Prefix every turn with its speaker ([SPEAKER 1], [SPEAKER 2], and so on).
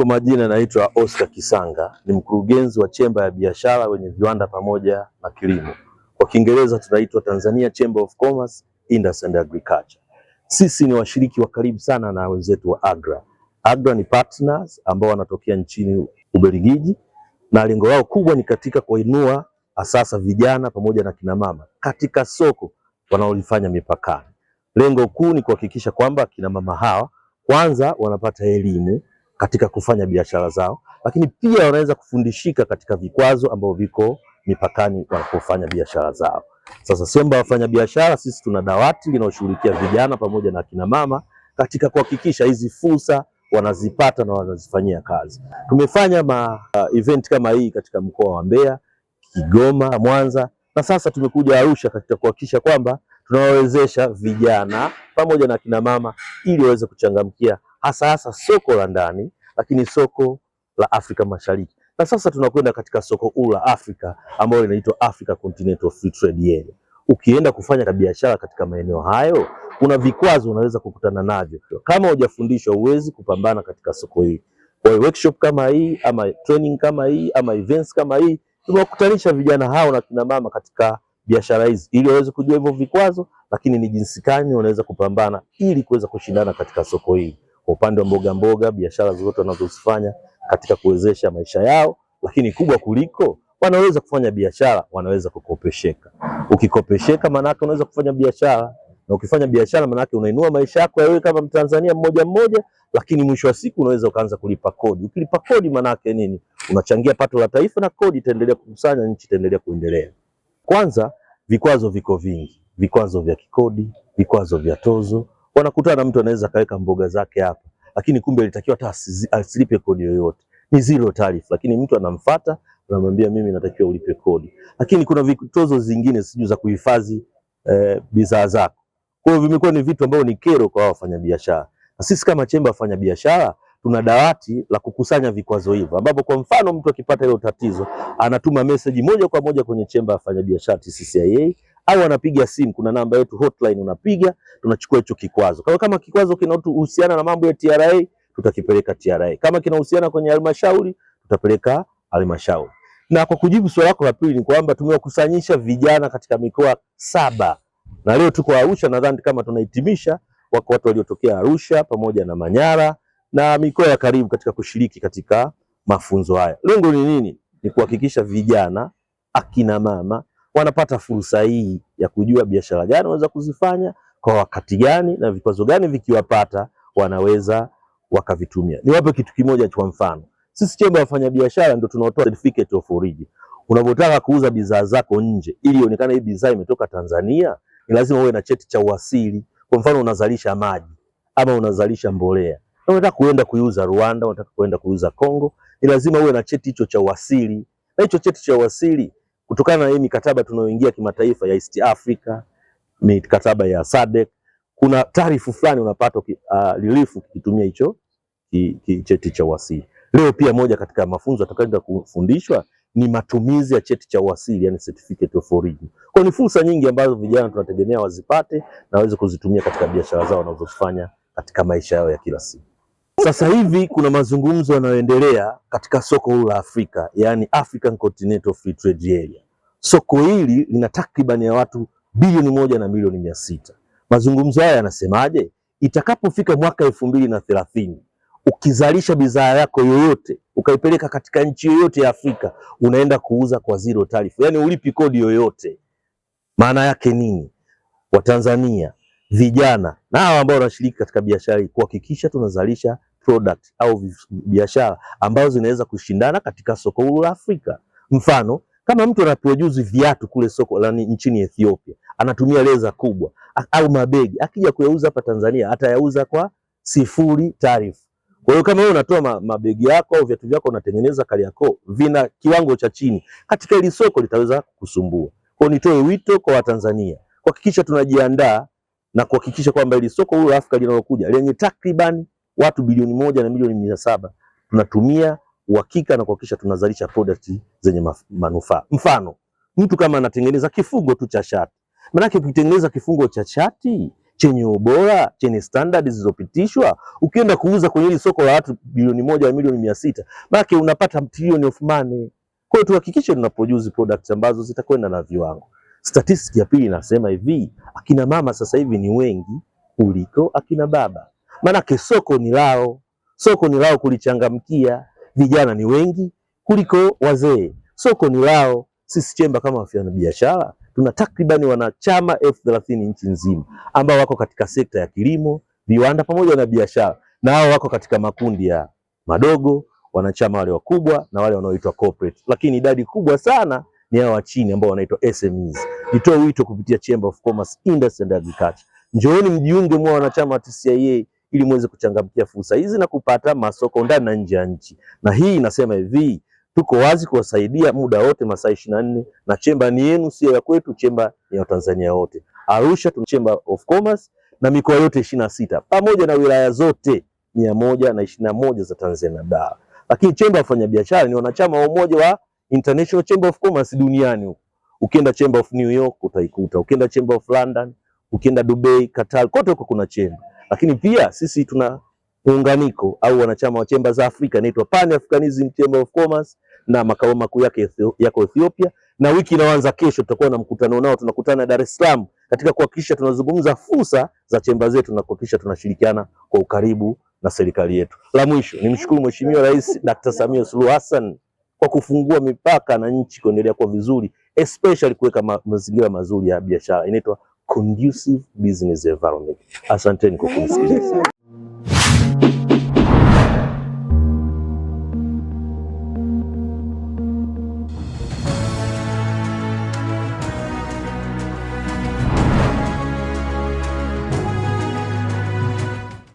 [SPEAKER 1] kwa majina naitwa Oscar Kisanga, ni mkurugenzi wa chemba ya biashara wenye viwanda pamoja na kilimo, kwa Kiingereza tunaitwa Tanzania Chamber of Commerce, Industry and Agriculture. Sisi ni washiriki wa karibu sana na wenzetu wa AGRA. AGRA ni partners ambao wanatokea nchini Ubelgiji na lengo lao kubwa ni katika kuinua asasa vijana pamoja na mama katika soko wanaolifanya mipakani. Lengo kuu ni kuhakikisha kwamba kinamama hawa kwanza wanapata elimu katika kufanya biashara zao, lakini pia wanaweza kufundishika katika vikwazo ambavyo viko mipakani wanapofanya biashara zao. Sasa Semba wafanya biashara, sisi tuna dawati linaloshughulikia vijana pamoja na akina mama katika kuhakikisha hizi fursa wanazipata na wanazifanyia kazi. Tumefanya ma, uh, event kama hii katika mkoa wa Mbeya, Kigoma, Mwanza na sasa tumekuja Arusha katika kuhakikisha kwamba tunawawezesha vijana pamoja na akina mama ili waweze kuchangamkia hasa hasa soko la ndani, lakini soko la Afrika Mashariki na sasa tunakwenda katika soko kuu la Afrika ambalo linaitwa Africa Continental Free Trade Area. Ukienda kufanya biashara katika maeneo hayo, kuna vikwazo unaweza kukutana navyo. Kama hujafundishwa, huwezi kupambana katika soko hili. Kwa workshop kama hii ama training kama hii ama events kama hii, tunawakutanisha vijana hao na kina mama katika biashara hizi ili waweze kujua hivyo vikwazo, lakini ni jinsi gani wanaweza kupambana ili kuweza kushindana katika soko hili kwa upande wa mboga mboga, biashara zozote wanazozifanya katika kuwezesha maisha yao, lakini kubwa kuliko wanaweza kufanya biashara, wanaweza kukopesheka. Ukikopesheka manake unaweza kufanya biashara, na ukifanya biashara manake unainua maisha yako ya wewe kama Mtanzania mmoja mmoja, lakini mwisho wa siku unaweza ukaanza kulipa kodi. Ukilipa kodi manake nini? Unachangia pato la taifa, na kodi itaendelea kukusanya, nchi itaendelea kuendelea. Kwanza vikwazo viko vingi, vikwazo vya kikodi, vikwazo vya tozo wanakutana, na mtu anaweza kaweka mboga zake hapa, lakini kumbe alitakiwa hata asilipe kodi yoyote, ni zero tarif, lakini mtu anamfata anamwambia mimi natakiwa ulipe kodi. Lakini kuna vitozo zingine sijui za kuhifadhi eh, bidhaa zako. Kwa hiyo vimekuwa ni vitu ambavyo ni kero kwa wafanyabiashara, na sisi kama chemba wafanyabiashara tuna dawati la kukusanya vikwazo hivyo, ambapo kwa mfano mtu akipata hilo tatizo anatuma meseji moja kwa moja kwenye chemba ya wafanyabiashara TCCIA au anapiga simu, kuna namba yetu hotline, unapiga tunachukua hicho kikwazo. Kama kama kikwazo kinahusiana na mambo ya TRA tutakipeleka TRA, kama kinahusiana kwenye halmashauri tutapeleka halmashauri. Na kwa kujibu swali lako la pili ni kwamba tumewakusanyisha vijana katika mikoa saba na leo tuko Arusha, nadhani kama tunahitimisha, wako watu waliotokea Arusha pamoja na Manyara na mikoa ya karibu katika kushiriki katika mafunzo haya. Lengo ni nini? Ni kuhakikisha vijana, akina mama wanapata fursa hii ya kujua biashara gani wanaweza kuzifanya kwa wakati gani na vikwazo gani vikiwapata wanaweza wakavitumia. Niwape kitu kimoja kwa mfano, sisi chemba ya wafanyabiashara ndio tunaotoa certificate of origin. Unapotaka kuuza bidhaa zako nje, ili ionekane hii bidhaa imetoka Tanzania, ni lazima uwe na cheti cha uasili. Kwa mfano, unazalisha maji ama unazalisha mbolea, unataka kuenda kuiuza Rwanda, unataka kuenda kuiuza Kongo, ni lazima uwe na cheti hicho cha uasili, na hicho cheti cha uasili kutokana na hii mikataba tunayoingia kimataifa ya East Africa, mikataba ya SADC, kuna taarifu fulani unapata uh, lilifu kitumia hicho cheti cha uasili. Leo pia moja katika mafunzo atakayoenda kufundishwa ni matumizi ya cheti cha uasili, yani certificate of origin. Kwa ni fursa nyingi ambazo vijana tunategemea wazipate na waweze kuzitumia katika biashara zao wanazozifanya katika maisha yao ya kila siku. Sasa hivi kuna mazungumzo yanayoendelea katika soko huru la Afrika, yani African Continental Free Trade Area. Soko hili lina takribani ya watu bilioni moja na milioni mia sita. Mazungumzo haya yanasemaje? Itakapofika mwaka elfu mbili na thelathini, ukizalisha bidhaa yako yoyote ukaipeleka katika nchi yoyote ya Afrika, unaenda kuuza kwa zero tarifu, yani ulipi kodi yoyote. Maana yake nini? Watanzania vijana na hawa ambao wanashiriki katika biashara hii kuhakikisha tunazalisha product au biashara ambazo zinaweza kushindana katika soko la Afrika. Mfano, kama mtu anaproduce viatu kule soko la nchini Ethiopia, anatumia leza kubwa au mabegi, akija kuyauza hapa Tanzania atayauza kwa sifuri tarifu. Kwa hiyo kama wewe unatoa mabegi yako au viatu vyako unatengeneza Kariakoo, vina kiwango cha chini katika ile soko, litaweza kukusumbua. Kwa hiyo nitoe wito kwa Watanzania kuhakikisha tunajiandaa na kuhakikisha kwamba ile soko huru la Afrika linalokuja lenye takribani watu bilioni moja na milioni mia saba tunatumia uhakika na kuhakikisha tunazalisha product zenye manufaa. Mfano, mtu kama anatengeneza kifungo tu cha shati, maanake ukitengeneza kifungo cha shati chenye ubora chenye standard zilizopitishwa, ukienda kuuza kwenye hili soko la watu bilioni moja na milioni mia sita maanake unapata trillion of money. Kwa hiyo tuhakikishe tuna produce product ambazo zitakwenda na viwango. Statistics ya pili inasema hivi, akina mama sasa hivi ni wengi kuliko akina baba. Maanake soko ni lao, soko ni lao kulichangamkia. Vijana ni wengi kuliko wazee, soko ni lao. Sisi chemba kama wafanyabiashara tuna takribani wanachama elfu thelathini nchi nzima ambao wako katika sekta ya kilimo, viwanda pamoja na biashara, na hao wako katika makundi ya madogo, wanachama wale wakubwa na wale wanaoitwa corporate, lakini idadi kubwa sana ni hao wa chini ambao wanaitwa SMEs. Nitoe wito kupitia Chamber of Commerce, Industry and Agriculture, njooni mjiunge mwa wanachama wa TCIA ili muweze kuchangamkia fursa hizi na kupata masoko ndani na nje ya nchi. Na hii inasema hivi, tuko wazi kuwasaidia muda wote masaa ishirini na nne na chemba ni yenu, sio ya kwetu, chemba ni ya Watanzania wote. Arusha tuna chemba of Commerce na mikoa yote ishirini na sita pamoja na wilaya zote mia moja na ishirini na moja za Tanzania Bara. Lakini chemba ya wafanyabiashara ni wanachama wa umoja wa International Chamber of Commerce duniani. Ukienda Chamber of New York utaikuta, ukienda Chamber of London, ukienda Dubai, Qatar, kote huko kuna chemba. Lakini pia sisi tuna muunganiko au wanachama wa chemba za Afrika inaitwa Pan Africanism Chamber of Commerce na makao makuu yake yako Ethiopia, na wiki inaanza kesho, tutakuwa na mkutano nao. Tunakutana Dar es Salaam katika kuhakikisha tunazungumza fursa za chemba zetu na kuhakikisha tunashirikiana kwa ukaribu na serikali yetu. La mwisho nimshukuru Mheshimiwa Rais Dr. Samia Suluhu Hassan kwa kufungua mipaka na nchi kuendelea kuwa vizuri, especially kuweka mazingira mazuri ya biashara inaitwa conducive business environment. Asanteni kwa kunisikiliza.